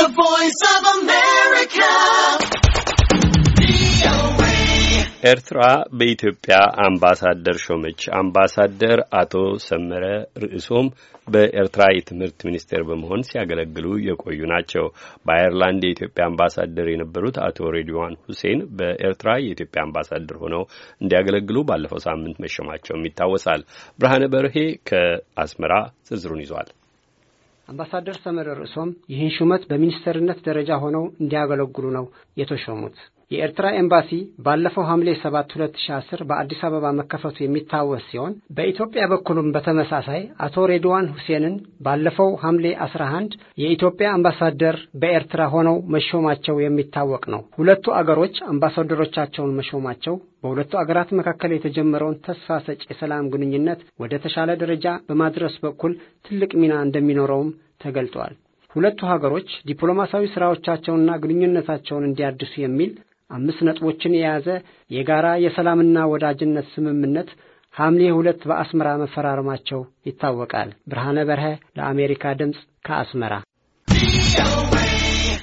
The Voice of America. ኤርትራ በኢትዮጵያ አምባሳደር ሾመች። አምባሳደር አቶ ሰመረ ርዕሶም በኤርትራ የትምህርት ሚኒስቴር በመሆን ሲያገለግሉ የቆዩ ናቸው። በአየርላንድ የኢትዮጵያ አምባሳደር የነበሩት አቶ ሬድዋን ሁሴን በኤርትራ የኢትዮጵያ አምባሳደር ሆነው እንዲያገለግሉ ባለፈው ሳምንት መሾማቸውም ይታወሳል። ብርሃነ በርሄ ከአስመራ ዝርዝሩን ይዟል። አምባሳደር ሰመረ ርዕሶም ይህን ሹመት በሚኒስተርነት ደረጃ ሆነው እንዲያገለግሉ ነው የተሾሙት። የኤርትራ ኤምባሲ ባለፈው ሐምሌ 7 2010 በአዲስ አበባ መከፈቱ የሚታወስ ሲሆን በኢትዮጵያ በኩልም በተመሳሳይ አቶ ሬድዋን ሁሴንን ባለፈው ሐምሌ 11 የኢትዮጵያ አምባሳደር በኤርትራ ሆነው መሾማቸው የሚታወቅ ነው። ሁለቱ አገሮች አምባሳደሮቻቸውን መሾማቸው በሁለቱ አገራት መካከል የተጀመረውን ተስፋ ሰጭ የሰላም ግንኙነት ወደ ተሻለ ደረጃ በማድረስ በኩል ትልቅ ሚና እንደሚኖረውም ተገልጧል። ሁለቱ ሀገሮች ዲፕሎማሲያዊ ስራዎቻቸውንና ግንኙነታቸውን እንዲያድሱ የሚል አምስት ነጥቦችን የያዘ የጋራ የሰላምና ወዳጅነት ስምምነት ሐምሌ ሁለት በአስመራ መፈራረማቸው ይታወቃል። ብርሃነ በርሀ ለአሜሪካ ድምፅ ከአስመራ